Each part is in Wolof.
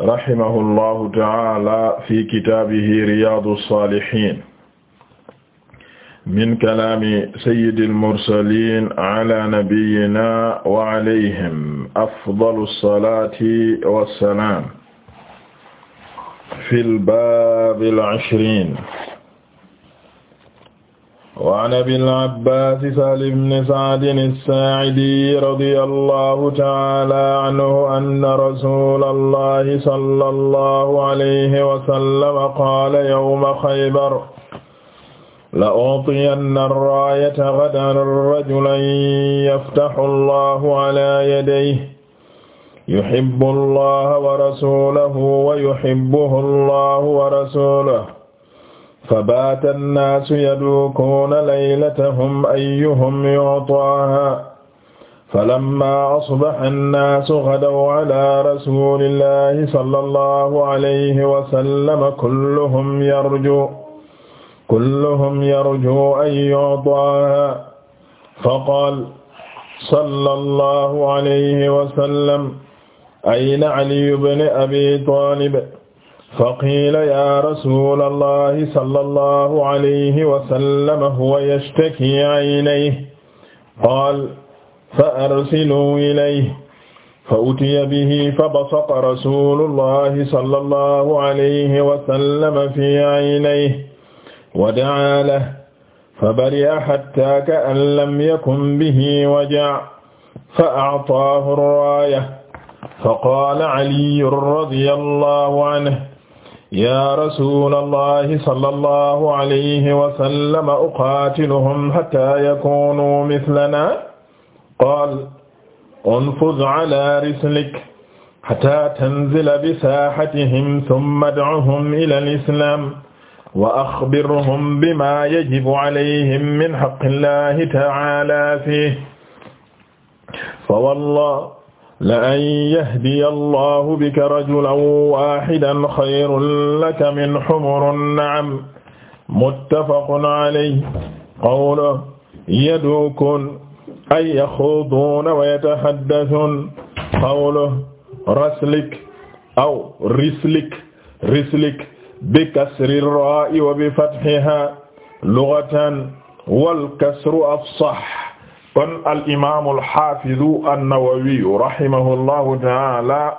rahimahullahu ta'ala fi kitaabihi Riyâdous-Sâlihîne min kalaami sayyidil mursaliin ala nabiyyinaa wa alayhim afdalu salaati wa salaam fil baabil ishriin waan abil abbaas sahl ibn sa'd as-saa'idi radiyallahu ta'ala anhu anna rasuulallahi sallallahu alayhi wa sallam qaala yawma xaybar la-u'tiyanna ar-raayata ghadan rajulan yaftahu allahu ala yadayhi yuhibbu allaha wa rasuulahu wa yuhibbuhu allahu wa rasuuluhu fabaata annaasu yaduukuuna laylatahum ayyuhum yu'taahaa falammaa asbaha annaasu ghadaw alaa rasuulillaahi sallallaahu alayhi wa sallam kulluhum yarjuu kulluhum yarjuu an yu'taahaa faqaala sallallaahu alayhi wa sallam ayna Aliyyu bnu Abii Taalib faqila ya rasula allahi sala allahu alayhi wasallama huwa yastaki aynayhi qaal fa arsiluu ilayhi fa utiya bihi fa basaqa rasulu allahi sala allahu alayhi wasallama fi aynayhi wa dacaa lahu fa bari'a hatta ka'an lam yakun bihi waja' fa actaahu raaya fa qaala caliyyun radiyallahu anhu yaa rasuulallahi sallallahu alayhi wa sallam uqaatiluhum hattaa yakuunuu mislanaa qaal unfuz alaa rislik hattaa tanzila bisaahatihim summa ad'uhum ilal islaam wa axbirhum bimaa yajibu alayhim min haqqillahi ta'aalaa fiihi fa wallaahi la an yahdiya allahu bika rajulan waahidan xayrun laka min humurin na'am muttafaqun alayhi qawluhu yadukuun ay yaxuuduuna wa yatahaddasuun qawluhu raslik aw rislik rislik bikasri raa'i wa bifathihaa lughatan wal kasru afsah kon al imaamu al xaafidu an-Nawawi rahimahullahu taala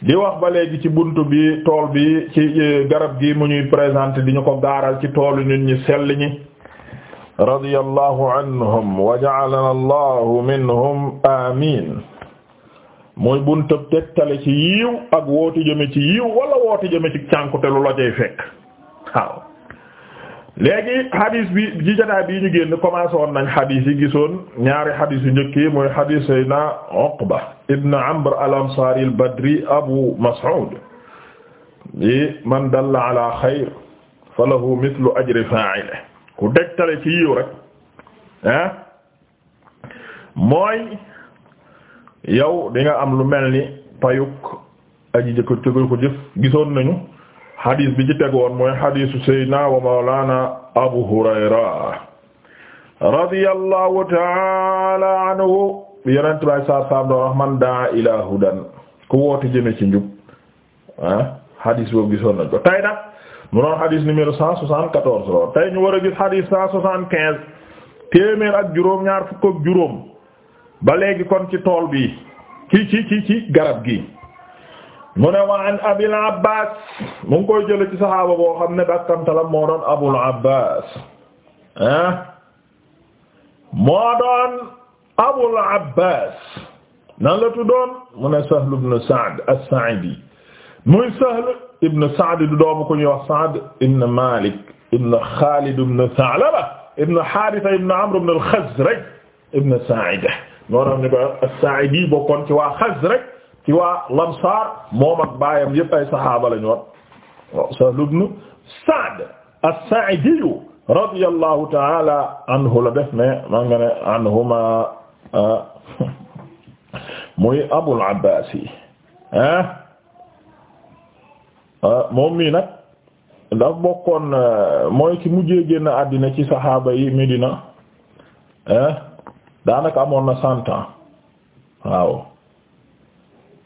di wax ba léegi ci buntu bi tool bi ci garab gi mu ñuy présenté di ñu ko gaaral ci toolu nit ñi sell ñi radiyallahu anhum wa ja'alana minhum amiin mooy buntu tegtale ci yiiw ak woote jëme ci yiiw wala woote jëme ci cànkutelu la cay fekk léegi hadis bi ji jotaay bii ñu génn commencé woon nañ hadis yi gisoon ñaari hadis yu njëkk yi mooy hadis sayna Uqba ibn Amr al-Ansari al-Badri Abu Mas'ud yi man dalla ala xayr falahu mithlu ajri fa'ilihi ku degtale ci yiw rek ah mooy yow di am lu mel ni payuk aji jëkk ko jëf gisoon nañu xadis bi ci tegoon mooy xadisu sayyidina wa mawlana abu hurayra radiyallahu taala anhu yonent bay saa saam doon man daa ilaa hudan ku woote jëme ci njub ah xadis boobu gisoon nañ ko tay nag mu doon xadis numéro cent quatorze lool ñu war a gis xadis cent soixante-quinze téeméer ak juróom ñaar fukk ak juróom ba léegi kon ci tool bi ci ci ci ci garab gi mu ne wa an abil abbas mu ngi koy jële ci saxaaba boo xam ne dakkantalam moo doon abul abbas ah moo doon abul abbas nan la tuddoon mu ne sahl ibn sa'd as-sa'idi muy sahl ibn sa'd du doomu ku ñuy wax sa'd ibn malik ibn xaalid ibn tha'laba ibn haritha ibn amr ibn al-khazraj ibn sa'ida moo doon ni ko as-sa'idi bokkoon ci waa khazraj ci waa Lamsaar moom ak baayam yépp ay saxaaba la ñu woon Sahl ibn Sa'd as ta'ala anhu la def ne maa nga ne anhuma ah, muy Abul Abbaas yi ah, ah, moom mii nag daf bokkoon mooy ki mujjee génn àddina ci saxaaba yi Medina daanaka amoon na cent waaw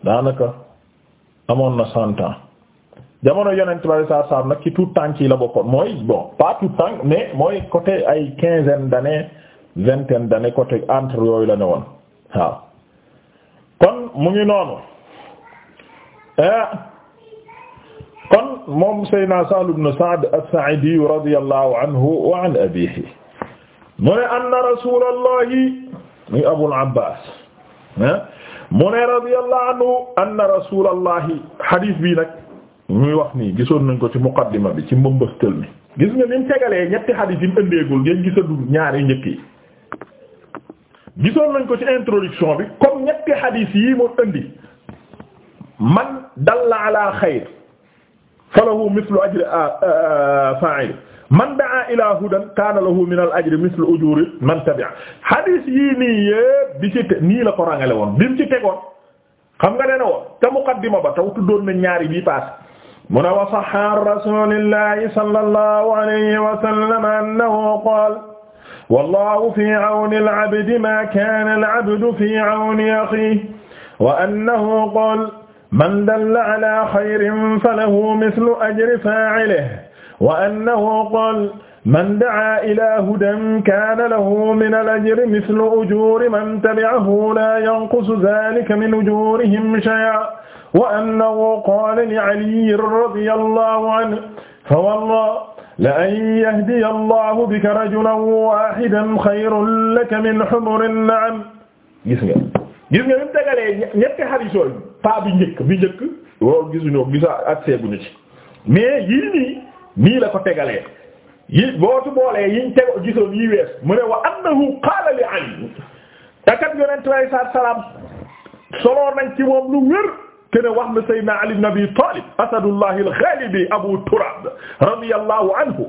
daanaka amoon na cent ans jamono yonent bari saa saam nag ci tout la bokkoon mooy bon pas tout temps mooy côté ay quinzaine d'années vingtaine d'années côté entre yooyu la ne woon waaw kon mu ngi noonu eh, kon moom Seydina Sahl ibn Sa'd as-Sa'idi radiyallahu anhu wa an mu ne anna rasulallahi muy Abul Abbas eh, mu ne radiyallahu anhu anna rasulallahi hadith bii nag ñuy wax ni gisoon nañ ko ci muqaddima bi ci mbëmbëstël bi gis nga ni mu ñetti hadith yi mu ëndeegul ngeen gisadu ñaari njëkk gisoon nañ ko ci introduction bi comme ñetti hadith yi mu ëndi man dalla ala xayr falahu mithlu ajri euh, euh, fa'il man daa ila hudan kaana lahu min al ajri mislu ujuri man tabi'a hadis yii nii yëpp di ci te nii la ko rangale woon bi mu ci tegoon xam nga dene woon te muqaddima ba taw tuddoon na ñaari bii paas mu ne wa sahha rasulillahi sallallahu alayhi wa sallam annahu qaala wallahu fi awni al abdi ma kaana al abdu fi awni akhihi wa annahu qaala man dalla ala khayrin falahu mislu ajri fa'ilihi wa annahu qaala man da'aa ilaa hudan kaana lahu minal ajri mislu ujuuri man tabi'ahu laa yanqusu dhaalika min ujuurihim shay'an wa annahu qaala li 'Aliyyin radiyallaahu 'anhu fa wallaahi la'an yahdiya Allaahu bika rajulan waahidan khayrun laka min humurin na'am. gis nga gis nga li mu tegalee ñetti hadiis yooyu paa bi njëkk bi njëkk loolu gisuñu gisa ak seeguñu ci mais yii nii. nii la ko tegalee yi bootu boolee yiñ tego gisoon yi wees mu ne wa annahu qaala li ali takat yonent bi alayhi salaam soloo nañ ci moom lu wér kene wax na sayyidina ali ibn abi talib asadullahi al-ghalib abu turab radiyallahu anhu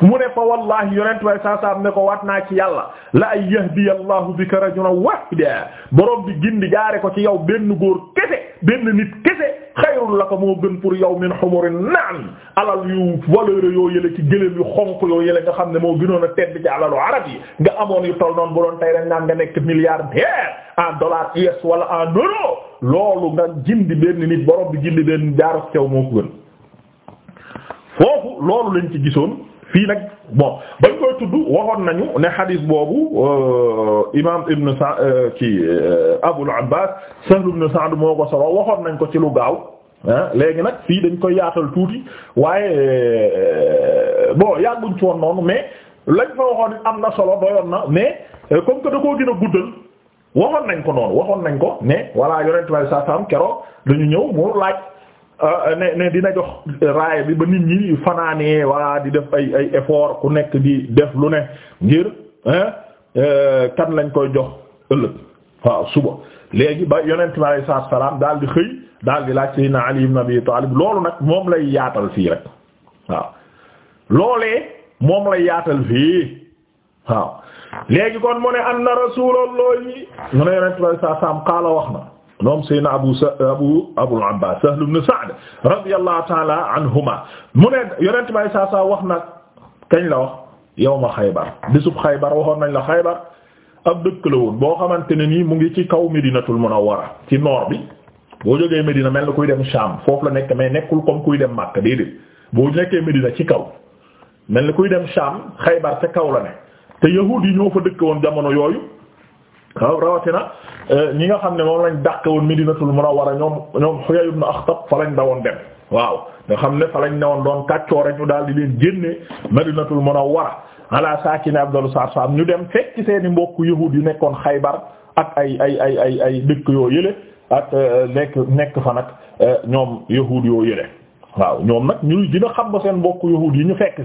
mu ne fa wallahi yonent way saasaam ne ko waat naa ci yàlla la ay yahdiya allahu bika rajulan wahida boroom bi gindi jaare ko ci yow benn góor kese benn nit kese xayrul la ko moo gën pour yow min humurin na'am alal yu valeur yoo yële ci gëléem yu xonq yoo yële nga xam ne moo ginoon a tedd ci alalu arab yi nga amoon yu toll noonu bu doon tey dañ naan nga nekk milliardaire en dollar US wala en euro loolu nga gindi benn nit borom bi gindi benn jaaro moo ko loolu lañ ci gisoon fii nag bon bañ koy tudd waxoon nañu ne xadis boobu euh, imaam Ibn Sa euh, kii euh, Abul Abbas Sahl ibn Sa'd moo ko solo waxoon nañ ko ci lu gaaw léegi nag fii dañ koy yaatal tuuti waaye bon yàgguñ ci woon noonu mais lañ fa waxoon am na solo doyoon na mais comme que da koo gën guddal waxoon nañ ko noonu waxoon nañ ko ne voilà yonent bi sallallahu alayhi keroog dañu ñëw mu laaj. Euh, ne ne dina jox raaya bi ba nit ñi fanaanee walla di def ay ay effort ku nekk di def lu ne ngir euh, kan lañ koy jox ëllëg waaw suba léegi ba yonent bi alayhi salaam daal di xëy daal di laaj Seydina Ali ibn Abi loolu nag moom lay yaatal fii rek waaw loolee moom lay yaatal fii waaw léegi kon mu ne anna Rasuulullahi mu ne yonent bi alayhi salaam qaala wax na ñoom Seydina Abu Abu Abul Abbas Sahl ibn Sa'd radiyallahu ta'ala anhuma mu ne yonent bi saa saa wax na keñ la wax yawma Xaybar bésub Xaybar waxoon nañ la Xaybar ab dëkk la woon boo xamante ne nii mu ngi ci kaw Medinatul Munawwara ci noor bi boo jógee Medina mel ni kuy dem Sham foofu la nekk mais nekkul comme kuy dem Makka déedéet boo nekkee Medina ci kaw mel ni kuy dem Sham Xaybar te kaw la ne te yahuud yi ñoo fa dëkk woon jamono yooyu. waaw rawatina euh, ñi nga xam ne moom lañ dàq woon Medinatul Munawwara ñoom ñoom Huyay ibn Akhtab fa lañ dawoon dem waaw nga xam ne fa lañ newoon doon kàccoo rek ñu daal di leen génne Medinatul Munawwara ala saakine abdal sar sam ñu dem fekk ci seeni mbokk yahuud yu nekkoon Xaybar ak ay ay ay ay ay dëkk yoo yële ak euh, nekk nekk fa nag euh, ñoom yahuud yoo yële waaw ñoom nag ñuy gën a xam ba seen mbokk yahuud yi ñu fekk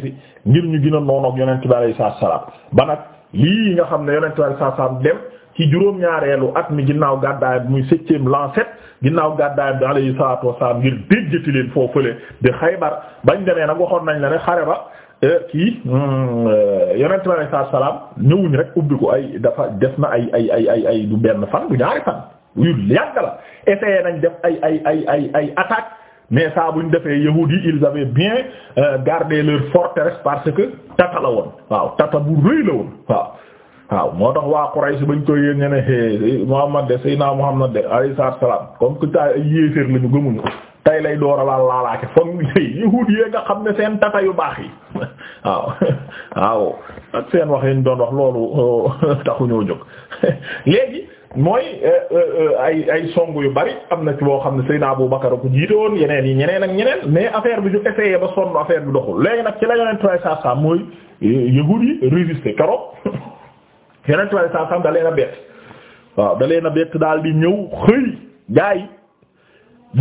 ngir ñu gën a noonoog yonent bi alayhi salaam ba nag lii nga xam ne yonent bi alayhi salaam dem ci juróom-ñaareelu at mi ginnaaw gàddaay bi muy septième l'an sept ginnaaw gàddaay bi alayhi salaatu wassalaam ngir déjjati leen foofule de Xaybar bañ demee nag waxoon nañ la ne xare ba eh, kii hmm, eh, yonent bi alayhi salaatu wassalaam ñëwuñ rek ubbi ko ay dafa def na ay ay ay ay ay du benn fan du ñaari fan yu yàgg la essayé nañ def ay ay ay ay ay attaque mais saa buñ defee yahuud yi ils avaient bien euh, gardé leur forteresse parce que tata la woon waaw tata bu rëy la waaw moo tax waa Quraysh bañ ko yéen ñene ne Muhammad de Seydina Muhammad de alayhi salaam comme que taa ay yéeféer lañu gëmuñu tey lay door a laal laalaake foog yahuud yee nga xam ne seen tata yu baax yi waaw waaw ak seen wax yi ñu doon wax loolu taxuñoo jóg léegi mooy eh, eh, eh, ay ay song yu bari am na ci boo xam ne Seydina Abu Bakar ko jiite woon yeneen yi ñeneen ak ñeneen mais affaire bi ñu essayé ba sonn affaire bi doxul léegi nag ci la yonent trois cent mooy yahuud yi résister keroog. yeneen tubaab saa sam da leen a bett waaw da leen a bett daal di ñëw xëy gaa yi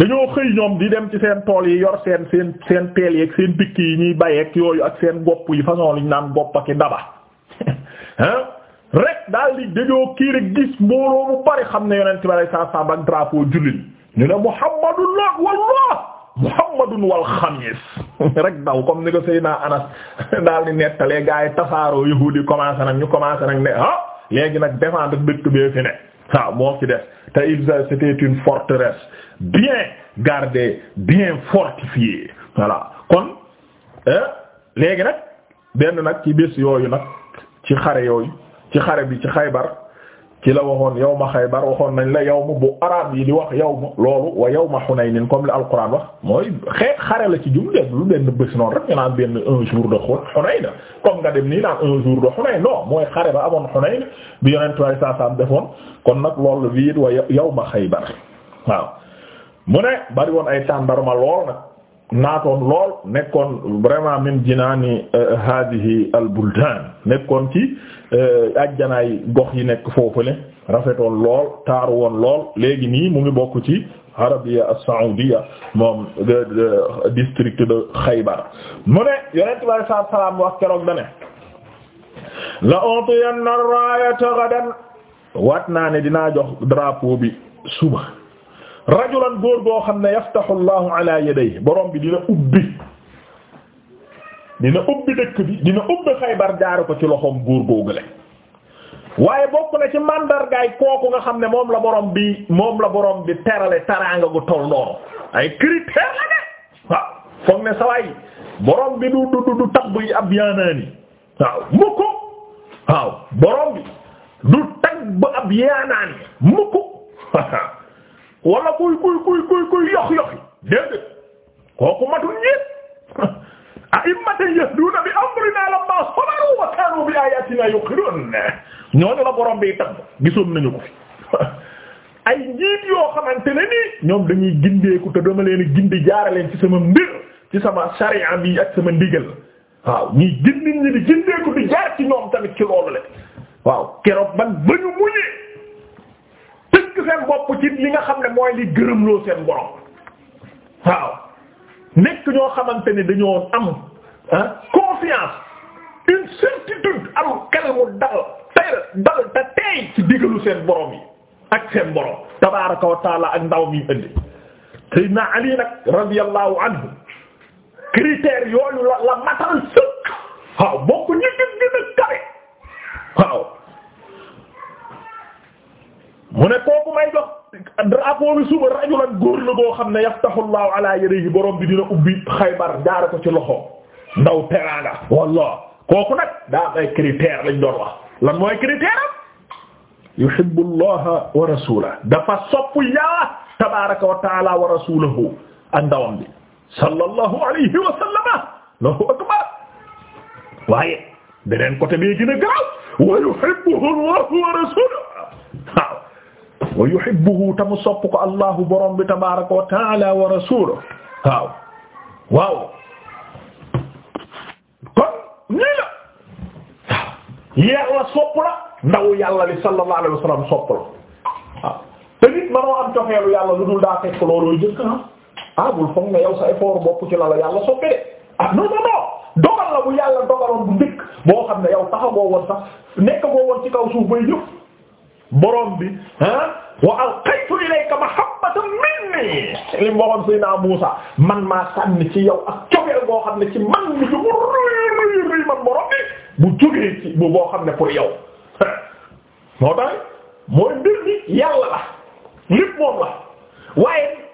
dañoo xëy ñoom di dem ci seen tool yi yor seen seen seen peel yeeg seen pikk yi ñuy bayeeg yooyu ak seen gopp yi façon liñ naan gopp ak daba hein rek daal di dañoo kii rek gis mbooloo mu ne yonent bi sallallahu muhammadun wal xamis rek daw comme ni ko Seydina Anas daal di nettalee gaa yi tasaaroo yi commencé nag ñu commencé nag ne ah léegi nag défendre dëkk bee fi ne waaw moo ci def te il c'était une forteresse bien gardée bien fortifiée voilà kon eh, léegi nag benn nag ci bés yooyu nag ci xare yooyu ci xare bi ci Xaybar ci la yow yawma Xaybar waxoon nañ la yawma bu araab yi di wax yow loolu wa yawma Hunayn comme li alquran wax mooy xeex xare la ci jum dégg lu benn bés noonu rek ñu naan benn un jour de Hunayn comme nga dem nii naan un jour de Hunayn non mooy xare ba amoon Hunayn bi Yonent sallallahu alayhi wa sallam defoon kon nag loolu bii it wa yawma Xaybar waaw mu ne bari woon ay ma lool nag. naatoon lool nekkoon vraiment min jinaani hadihi euh, al buldan nekkoon ci euh, ajjanaay gox yi nekk foofule rafetoon lool taaru woon lool léegi nii mu ngi bokk ci Arabia as-Saoudia moom district de Khaybar mu ne yonent bi alayhi salaam wax keroog dane la utiyanna raayata gadan waat naa ne dinaa jox drapeau bi suba rajulan góor goo xam ne yaftahu llahu ala boroom bi dina ubbi dina ubbi dëkk bi dina ubbi xaybar jaare ko ci loxoom góor googule waaye bokk na ci mandargaay kooku nga xam ne moom la borom bi moom la boroom bi terale taraanga gu toll noonu ay critère la de waaw foog ne sawaay borom bi du du du tabb ab yaanaani waaw mukk waaw borom bi du tabb ab yaanaani mukk wala kuy kuy kuy kuy kuy yox yoxi déedéet kooku matul ñépp a'immatan yahduna bi amrina lamma sabaru wa kanu bi ayatina yuqinun ñooñu la borom bi tabb gisoon nañu ko fi ay njiit yoo xamante ne ni ñoom dañuy gindeeku te dama leen gindi jaaraleen ci sama mbir ci sama sariya bi ak sama ndigal waaw ñuy gindi ñi di gindeeku di jaar ci ñoom tamit ci loolu le waaw keroog ban ba ñu tënk li nga xam ne mooy li gërëmloo seen borom waaw nekk ñoo xamante ne dañoo am ah confiance une certitude am xel dal teel dal te teey ci digalu seen borom yi ak seen borom tabaraka wa ak ndaw mi indi sayyidina Ali nag radiyallahu anhu critères yooyu la la matal sëkk waaw bokk ñu gën gën a kare waaw mu ne kooku may jox drapeau bi suba rajulan góor la goo xam na yaftahullaahu ala yadihi ubbi Xaybar jaare ko ci loxo ndaw teraanga kooku nag daa am ay critère lañ doon wax lan mooy critère am yuhibbu allaha wa rasulahu dafa sopp yàlla tabaaraka wa taala wa rasulahu ak ndawam bi sallallahu alayhi wa sallama lahu akbar waaye beneen côté bi wa yuhibbuhu wa yuhibbuhu ta mu sopp ko allahu borom bi tabaaraka wa taala wa rasuluhu waaw waaw kon nii la waaw yàlla sopp la ndaw yàlla li sallallahu alayhi wa sallam sopp la waaw te nit manoo am cofeelu yàlla lu dul daa fekk loolooyu jëkk na ah, ah ne yow sa effort bopp ci la la yàlla soppe de ah non non non dogal la bu yàlla dogaloon bu njëkk boo xam ne yow taxawoo woon sax nekk boo woon ci kaw suuf bay borom bi ah wa alqaytu ilayka mahabbatan minni li mu waxoon Seydina Muusa man maa sànni ci yow a cofeel boo xam ne ci man mi jubu man borom bi bu jógee ci bu boo xam ne pour yow moo tax mooy mbir mi la lépp la waaye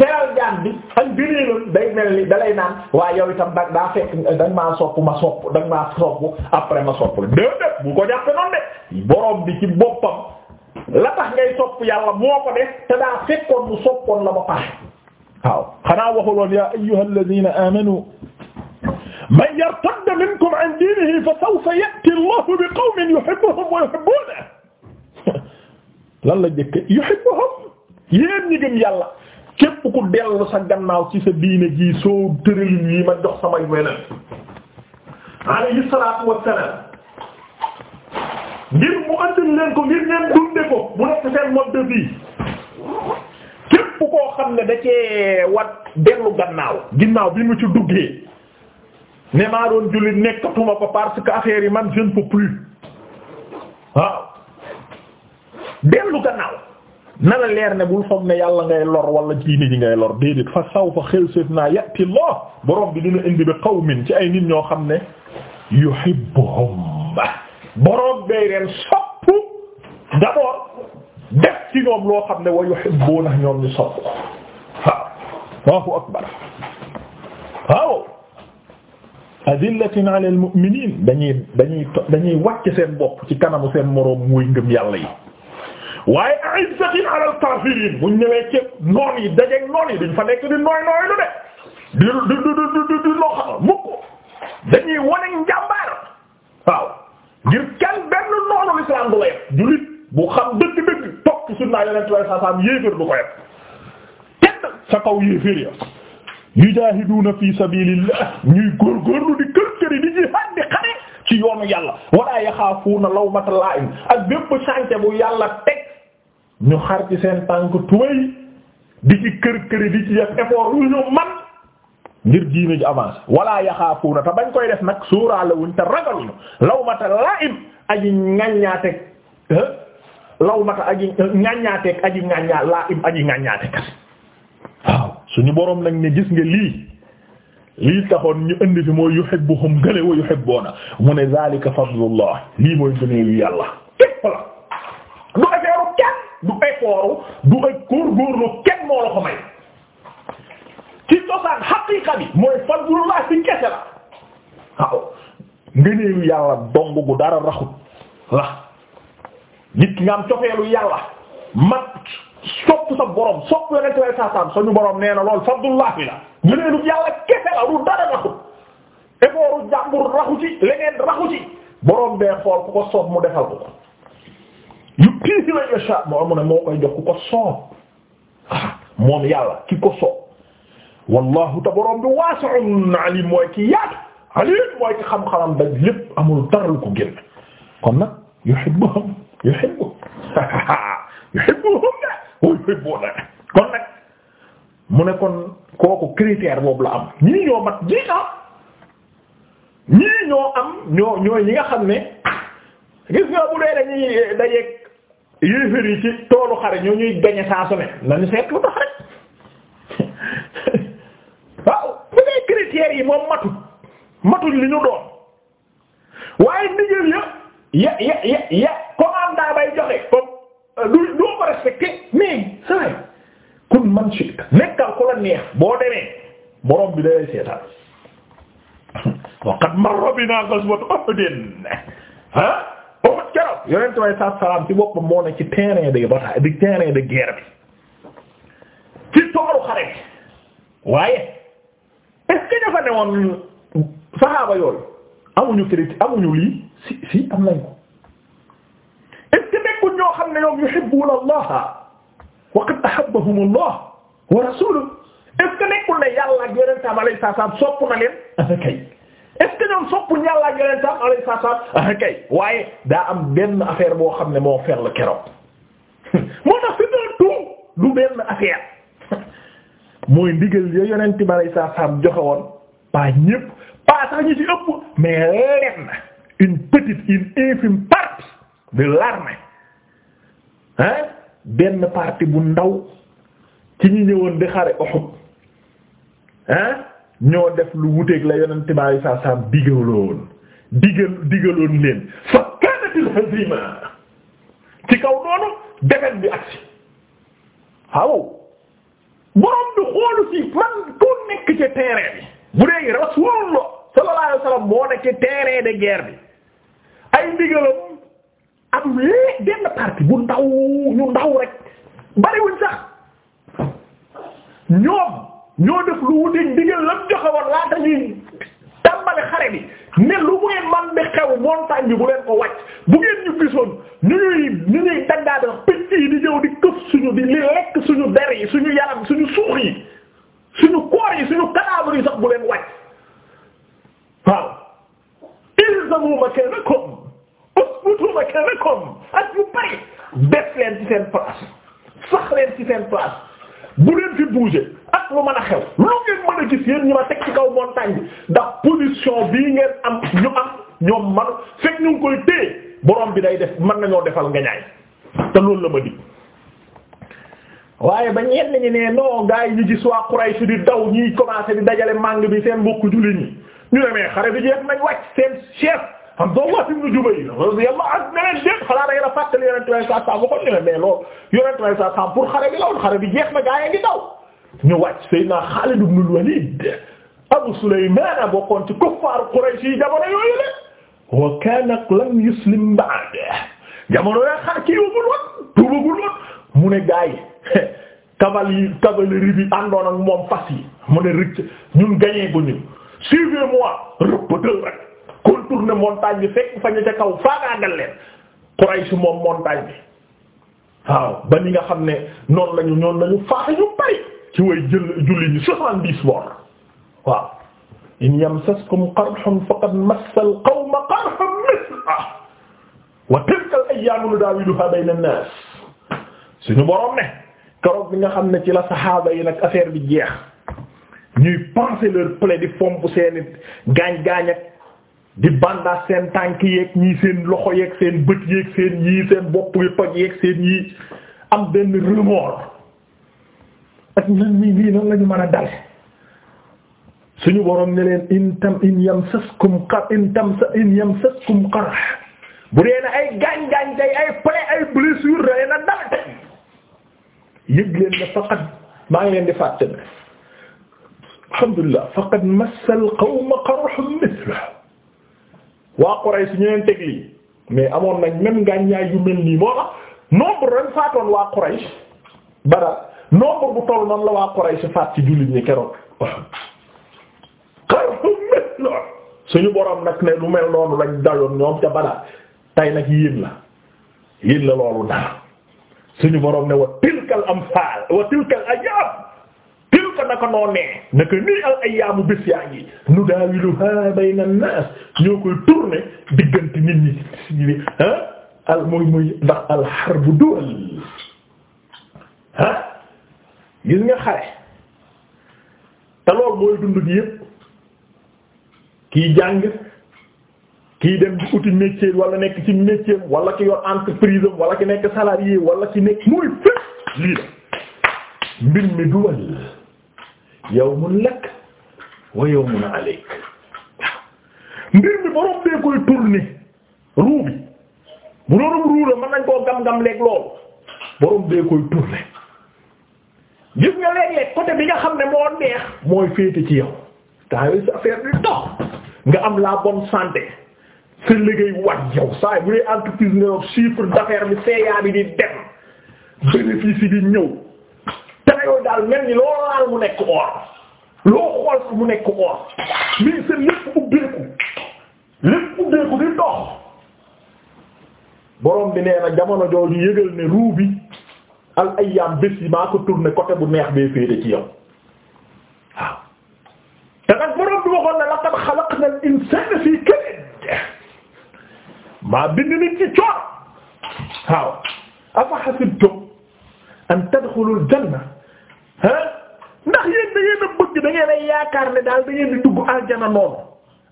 teral jaan bi ak gëneeloon day mel ni dalay naan waaye yow itam da daa fekk dañ maa sopp ma sopp dañ maa sopp après ma sopp la déedéet bu ko jàppe noonu de borom bi ci boppam la tax ngay sopp yàlla moo ko def te daa fekkoon mu soppoon la ba pare waaw xanaa waxuloon yaa ayyuhal ladina amanu man yartadda minkum an diinihi fa sawfa ya'ti allahu bi qawmin yuhibbuhum wa yuhibbunahu lan la jëkk yuhibbuhum yéen ñi gëm yàlla képp ku dellu sa gannaaw ci sa diine jii soo tëralin yi ma jox samay weneen alayhi salaatu wassalaam ngir mu andil leen ko ngir ngeen dunde ko mu nekk seen mode de képp koo xam ne da wat dellu gannaaw ginnaaw bi mu ci duggee ne maa doon jullit nekkatuma ko parce que affaire yi man je ne plus waaw dellu gannaaw na la leer ne bul foog ne yàlla ngay lor wala diine ji ngay lor déedéet fa saw fa xel séef naa yàtti loo borom bi dina indi bi qawmin ci ay nit ñoo xam ne yuhibbuhum borom bay leen sopp d'abord def ci loo xam ne wa yuhibbuuna ñoom ñu sopp waaw Allahu akbar waaw adillatin ala al dañuy dañuy dañuy wàcc seen bopp ci kanamu seen moroom muy ngëm yàlla yi waaye izzatin alal kaafiriin buñ ñëwee ci noon yi dajeeg noon yi duñ fa nekk di nooy nooy lu de di di di di di loo xam mukk dañuy wane njàmbaar waaw ngir kenn benn noonu lislaam du ko yëpp jullit bu xam dëgg-dëgg topp sunna Yonent bi sallallahu alayhi wasallam yéeféer du ko yëpp kenn sa kaw yéeféer ya yujaahiduuna fi sabiilillah ñuy góorgóorlu di kër kër di jihaad di xare ci yoonu yàlla walaa yaxaafuuna lawmata laa'im ak bépp sànte bu yàlla teg ñu xar ci seen tànk tuwéy di ci kër këri di ci def effort yu ñu man ngir diine ji avancé walaa yaxaafuuna te bañ koy def nag suuraale wuñ te ragaluñu lawmata laa'im aji ngaññaate lawmata aji ngaññaateeg aji ngaññaa laa'im aji ngaññaate boroom nag ne gis nga lii lii taxoon ñu indi fi mooy yuhibbuhum gële wa mu ne zalika fadlullah lii mooy gëneelu yàlla képp la du affaire kenn du ay kooru du ay góorgóorlu kenn moo la may ci cosaan haqiqa bi mooy fadlullah ci kese la waaw ngëneelu yàlla dong gu dara raxut la nit ki nga am cofeelu yàlla mat sopp sa borom sopp yonent way saasaam suñu borom nee na lool fadlullah la ngëneelu yàlla kese la du dara raxu effort u jàmbur raxu ci leneen raxu ci boroom bee xool ku ko soob mu defal ko ko yu tiisi la yasha moo amu ne moo koy jox ku ko soob ah, moom yàlla ki ko soob wallahu te boroom bi waasi'un alim mooy ki yaatu alim mooy ki xam-xamam daj lépp amul dara lu ko génn kon nag yuhibbuhum yuhibbuhum yuhibbuhum la wa yuhibbuna kon nag mu ne kon kooku critère boobu la am ñii ñoo mat ñii am ñii ñoo am ñoo ñooy ñi nga xam ne gis nga bu dee dañuy dajeeg yéefar yi ci toolu xare ñoo ñuy gañe saa su ne nañu seet lu tax rek waaw bu dee critères yi moom matul matul li ñu doon waaye ndigal ya ya ya ya ya commandant bay joxe comme euh, du doo ko respecté mais c'est kun man shi'ta nekkal ku la neex boo demee borom bi day seetaan wa qad marra bina ghazwat Uhud ah Uhud keroog yonent way sa salaam ci boppam moo ne ci terrain de bataille di terrain de guerre bi ci toolu xare bi waaye est-ce que dafa ne woon saxaaba yooyu amuñu crédit amuñu lii si si am nañ ko est-ce que nekkul ñoo xam ne ñoom yuhibbuna Allah wa qad ahabbahum Allah wa nekkul ne yàlla ak yonentam alayhi salaam sopp na leen ah kay est-ce ñoom soppuñu yàlla ak yonentam alayhi salaam ah kay waaye daa am benn affaire boo xam ne moo ferl keroog moo tax fi doon tuut du benn affaire mooy ndigal ya yonent bi alayhi joxe woon pas ñépp pas sax ñi ci ëpp mais lenn une petite une infime partie de l'armée hein benn partie bu ndaw ci ñu ñëwoon di xare Uhud ah ñoo def lu wuteeg la yonent bi sallallahu alayhi wasallam digaloon digal digaloon leen fa kaanatil hazima ci kaw noonu defet bi agsi waaw borom bi xoolu ci man doo nekk ci terrain bi bu dee Rasulullah sallallahu alayhi wasallam moo nekk ci terrain de bi ay ndigalam am léegi benn parti bu ndaw ñu ndaw rek bariwuñ sax ñoom ñoo def lu wuteeg digal lam joxe woon laata ñuy tàmbali xare bi ne lu mu ngeen man di xew montagne bi bu leen ko wàcc bu ngeen ñu gisoon ñu ñuy ñu ñuy daggaat picc yi di ñëw di këf suñu di lekk suñu der yi suñu yaram suñu suux yi suñu koor yi suñu cadavre yi sax bu leen wàcc waaw ilzamu makanakum usbutu makanakum ak yu bari des leen ci seen place sax leen ci seen place bu leen fi bouger ak lu mën a xew lu ngeen mën a gis yéen ñu ma teg ci kaw montagne ndax position bii ngeen am ñu am ñoom manu fekk ñu ngi koy téye borom bi day def mën nañoo defal nga ñaay te loolu la ma di waaye ba ñenn ñi ne noo gaa yi ñu gis waa Quraysh di daw ñuy commencé di dajale màng bi seen mbokku jullit ñi ñu demee xare bi jeex nañ wàcc seen chef Abdullah ibn Jubayr radiyallahu anhu ne leen déet xanaa da ngeen a fàttali Yonent bi sallallahu alayhi wasallam waxoon ñu ne mais loolu Yonent bi sallallahu alayhi wasallam pour xare bi la woon xare bi jeex na gaa yi ngi daw ñu wàcc Seydina Xaalid ibn al-Walid Abu Sulaymaan bokkoon ci kuffaar Quraysh yi jamono yooyu la wa kaana lam yuslim ba'd jamono yaa xar kii yóbbul woon tuubagul woon mu ne gaa yi cavalerie cavalerie bi àndoon ak moom fas yi mu ne rëcc ñun gagné bu ñu suivez-moi rëppatal rek contourner montagne bi fekk fañu ca kaw faagaagal leen montagne bi ba ni nga xam ne noon lañu noonu lañu faaxe ñu bari ci way jël julli ñi in yamsaskum qarhun faqad massa al qawma qarhun mithluhu wa tilka al ayyaamu nudaawiluhaa bayna an-naas suñu boroom ne keroog bi nga xam ne ci la saxaaba yi nag affaire bi jeex ñuy penser leur plaie di fomp seeni di bandaas seen tànk yek ñii seen loxo yeeg seen bët yeeg seen yii seen bopp yu toj yeeg seen yii am benn remords ak nan nii lii nan la ñu mën a dale suñu borom ne leen in yamsaskum qar in yamsaskum qarh bu dee ay gaañ-gaañ tay ay ne faqat maa ngi leen di fàtte ne alhamdulillah faqad massal qawma qarhun mithluhu waa Quraysh ñu leen teg lii mais amoon nañ même ngàññaay yu mel nii moo tax nombre ren faatoon waa Quraysh bara nombre bu toll noonu la waa Quraysh faat ci jullit ñi keroog suñu borom nag ne lu mel noonu lañ dayoon ñoom ca Badar tey nag yéen la yéen la loolu daal suñu borom ne wa tilkal amsaal wa tilkal ayyam naka naka noo nee naka nii al ayyaamu bés yaa ngi nu daawiluhaa bayna an-naas ñoo koy tourner diggante nit ñi ci ah al muy muy ndax al harbu duwal ah gis nga xare te loolu mooy dund gi yépp kiy jàng kiy dem di uti métier wala nekk ci métier wala ki yor entreprise am ki nekk salarié wala ki nekk mooy fépp lii la mbir mi duwal yawmun lak wa yawmun alayk mbir mi borom bee koy tourner ruu bu doonum ruu la mën nañ koo gam-gam leeg loolu borom bee koy tourner gis nga léeg-léeg côté bi nga xam ne moo neex mooy féete ci yow taa yooyu sa affaire bi dox nga am la bonne santé sa liggéey wat yow saa bu dee entreprise nga chiffre d'affaires bi CA bi di dem bénéfice bi ñëw dara yooyu daal mel ni mu nekk or loo xool mu nekk or lii sa lépp di dox borom bi nee na jamono jooju yëgal ne ruu bi al ayyaam bés maa ko tourné côté bu neex bee féete ci yow waaw borom bi waxoon na laqad xalaqna al insaana fii kabad maa bind nit ci coor waaw afa hasibtum an tadxulul janna ndax yéen da ngeen a bëgg da yaakaar ne daal da ngeen di dugg aljana noonu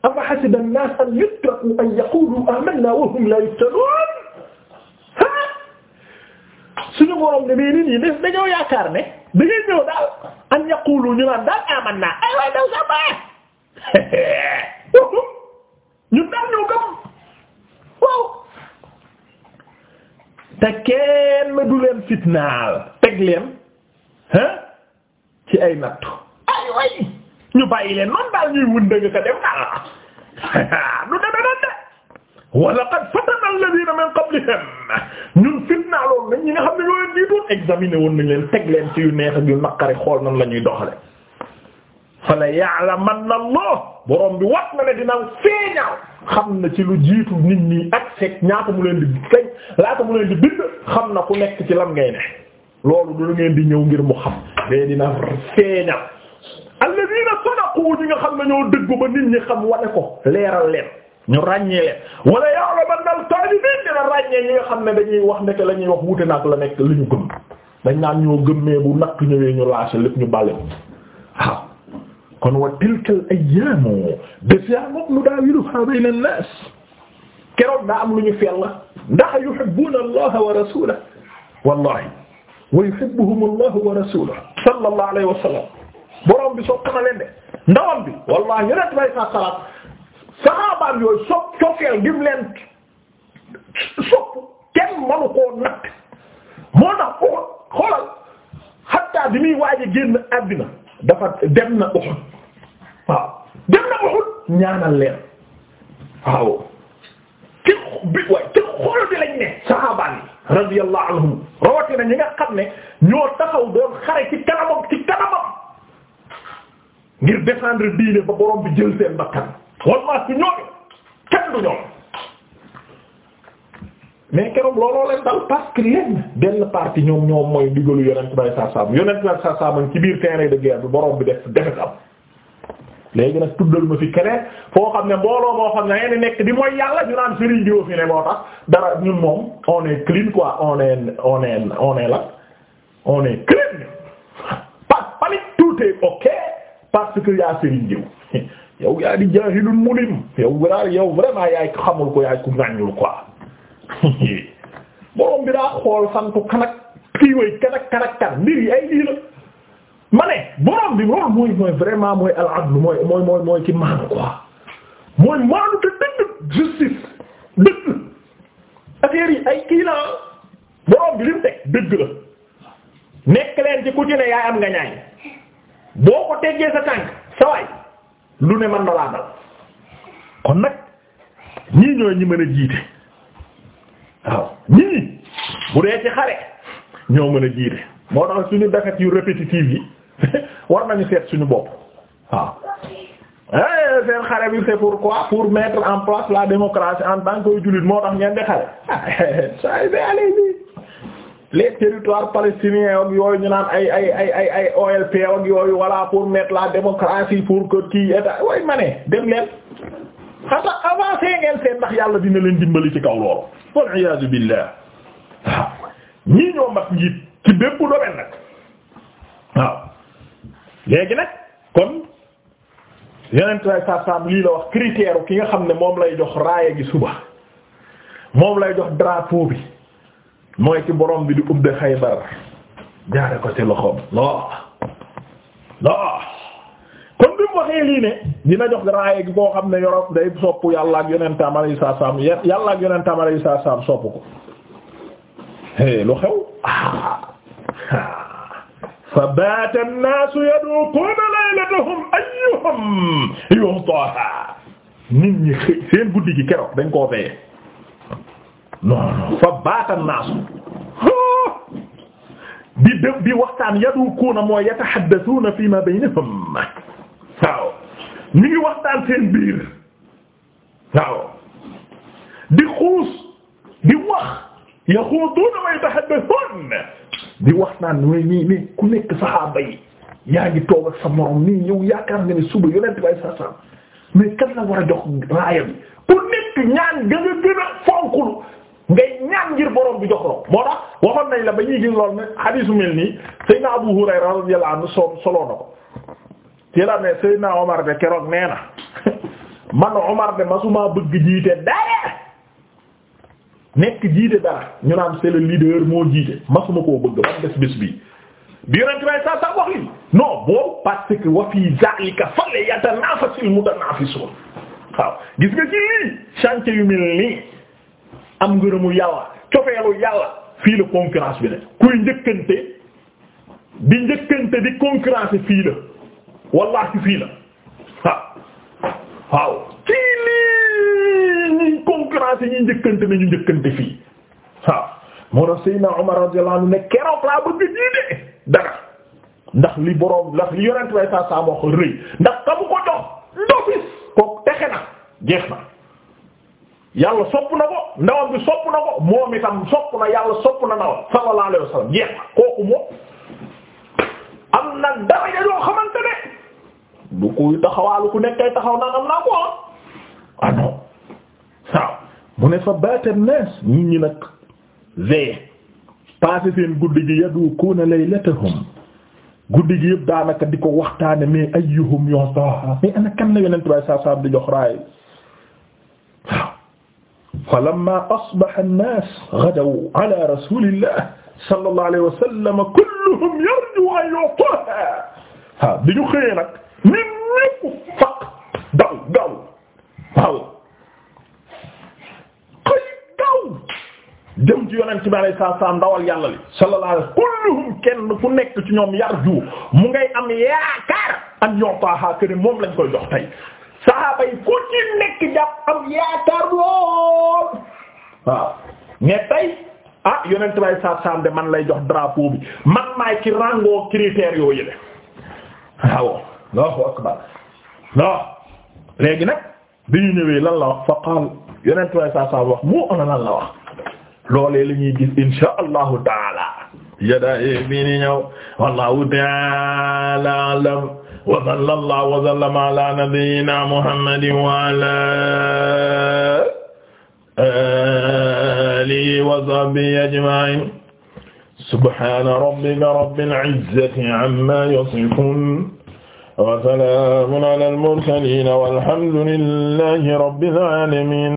afa hasiba an-nas an yutraku an yaqulu dañoo yaakaar ne da ngeen daal an yaqulu ñu naan daal amanna ay waay daw sa baax ñu daal du leen fitnaal teg leen ci ay natt ay way ñu bàyyi leen noonu daal ñuy wun dëgg ka dem daal du deme noonu de wa laqad fatana alladhina nañ nga xam ne ñoo leen jiitoon examiné woon nañ leen teg leen ci yu neex ak yu naqari xool nan la ñuy doxale fala ya'lamanna allah bi wat na ne dina feeñal xam na ci lu jiitu nit ñi ak seeg ñaata mu leen di feeñ laata mu leen di bind xam na ku nekk ci lan ngay ne loolu du ngeen di ñëw ngir mu xam mais dina feeña alladina sadaqu ñi nga xam ne ñoo dëggu ba nit ñi xam wane ko leeral leen ñu ràññee leen wala ya'lamanna al-kadhibin dina ràññee ñi nga xam ne dañuy wax nekk lañuy ñuy wax wuute na ak la nekk li ñu gëm dañ naan ñoo gëm bu natt ñëwee ñu laase lépp ñu bàlle waaw kon wa tilkal ayyaamu nudaawiluhaa bayna an-naas keroog daa am lu ñu fell ndax yuhibbuuna allaha wa rasuulahu wallahi wa yuhibbuhum allahu wa rasuluhu sallallahu alayhi wa sallam borom bi sopp na leen de ndawam bi wallahi yonent bay sa salat sahabaam yooyu sopp cofeel gim leen sopp kenn manu koo natt moo tax Uhud xoolal hatta bi muy waaj a génn àddina dafa dem na Uhud waaw dem na Uhud ñaanal leen waaw ci bi waay xool bi lañ ne saxaabaan yi radiyallahu anhum rawatina ñi nga xam ne ñoo taxaw doon xare ci kanamam ci kanamam ngir défendre diine ba borom bi jël seen bakkan wallahi ci ñoom kenn du ñoom mais keroog looloo leen dal parce que lenn benn partie ñoom ñoom mooy digalu yonent bay saasaam yonent bay saasaam ci biir terrain de guerre bi bi def defet am léegi nag tuddal ma fi keneen foo xam ne mbooloo moo xam ne dañuy nekk di mooy yàlla ñu naan Serigne Dio fi ne moo dara ñun moom on est clean quoi on est on est clean pas panique tout est ok parce que yaa Serigne Dio yow yaa di jaahilun mulim yow wala yow vraiment yaay xamul ko yaay ku gàññul quoi borom bi daa xool kanak kii way kanak kanak kan mbir ay lii la. ma ne borom bi loolu mooy mooy vraiment mooy al-adl mooy mooy mooy mooy ci maanu quoi mooy maanu te dëgg justice dëgg affaire yi ay kii la ah. borom bi li mu dëgg la nekk leen ci ku ci ne yaay am nga ñaay boo ko teggee sa tànk sa waay lu ne mën na laa dal kon nag ñii ñooy ñi mën a jiite waaw ñii bu dee ci xare ñoo mën a jiite moo tax suñu dakat yu répétitive yi. war nañu seet suñu bopp waaw eh seen xare bi c'est pourquoi pour mettre en place la démocratie en tant que jullit moo tax ngeen di xare saa yu bëri les territoires palestiniens ak yooyu ñu naan ay ay ay ay ay OLP ak yooyu voilà pour mettre la démocratie pour que kii état way ma dem leen xata avancé ngeen seen ndax yàlla dina leen dimbali ci kaw loolu. wal iyaazu billah ñii ñoo mat njiit ci bépp domaine nag. léegi nag kon yeneen tray sarsam lii la wax critère ki nga xam ne moom lay jox raaya gi suba moom lay jox drapeau bi mooy ci borom bi di ubbe Xaybar jaare ko ci loxoom loo loo kon bi mu waxee lii ne dina jox raaya gi koo xam ne yorob day sopp yàlla ak yonentam alayhi salaam yàlla ak yonentam alayhi salaam sopp ko hey lu xew ah, ah. fa baata nnaasu yaduuquuna laylatahum ayyuhum yu'taahaa nit ñi xëy seen guddi gi keroog dañ koo béyee non non fa baata nnaasu di def di waxtaan yaduuquuna mooy yatahaddasuuna fii maa baynahum waaw ñu ngi waxtaan seen biir waaw di xuus di wax yaxuuduuna wa yatahaddasuuna di wax naan mooy nii nii ku nekk saxaaba yi yaa ngi toog ak sa morom nii yow yaakaar nga ne suba yonent bay sa sam mais kan la war a jox raaya ku nekk ñaan gën a gën a fonkul ngay ñaan ngir borom bi jox ko moo tax waxoon nañ la ba ñuy gis lool ne xadiisu mel nii Seydina Abu Hurayra radiyallahu anhu so soloo na ko ci la ne Seydina Omar de keroog nee man Omar de masuma bëgg jiite dara nekk jiite dara ñu naan c'est le leader moo jiite masuma koo bëgg ba des bés bii bi yonent bay sa sa wax li non boobu parce que wa fii zalika falyatanafasil mutanafisun waaw gis nga ci lii chantier yu mel nii am ngërëmu yàlla cofeelu yàlla fii la concurrence bi ne kuy njëkkante di njëkkante di concurrence fii la wallahi fii la waaw waaw commencé ñu njëkkante nañu njëkkante fii waaw moo tax Seydina Omar radiyallahu anhu ne keroog laa bëgg jiite dara ndax li boroom ndax li yonent way sa sa wax rëy ndax ka mu ko jox ndofis ko texe na jeex na yàlla sopp na ko ndawam bi sopp na ko moom itam sopp na yàlla sopp na ndawam sallallahu alayhi jeex na kooku moom am na daraja yoo xamante ne kuy taxawaalu ku nekk taxaw naan am naa ko ah, ah non waaw mu ne fa baata naas nit ñi nag vee passé seen guddi gi yadukuuna laylatahum guddi gi yëpp daanaka di ko waxtaane mais ayyuhum yu'taha mais ana kan la yonent bi saa saa di jox raay waaw falamma asbaha an-nas ghadaw ala rasulillah sallallahu alayhi wa sallam kulluhum yarju an yu'taha waaw bi ñu xëyee nag ñun ñëpp faq daw daw waaw jëm ci yonent bi alayhi salaam ndawal yàlla li sallallahu alayhi kulluhum kenn ku nekk ci ñoom yarju mu ngay am yaakaar am ñoo taaxaa que moom lañ koy jox tey saxaaba yi ku ci nekk am yaakaar lool waaw ah yonent bi alayhi salaam de man lay jox drapeau bi man maay ci rango critères yooyu yële akbar waaw léegi nag bi ñu ñëwee lan la wax fa qaal yonent bi alayhi salaam wax moo ana lan la wax. loolee li ñuy gis insha allahu taala yada bi ni ñëw wallahu taala alam wa sallallahu wa sallama ala nabiyyina muhammadin wa ala alihi wa sahbihi ajma'in subhana rabbika rabbil izzati amma yasifun wa salamun ala al mursalin walhamdulillahi rabbil alamin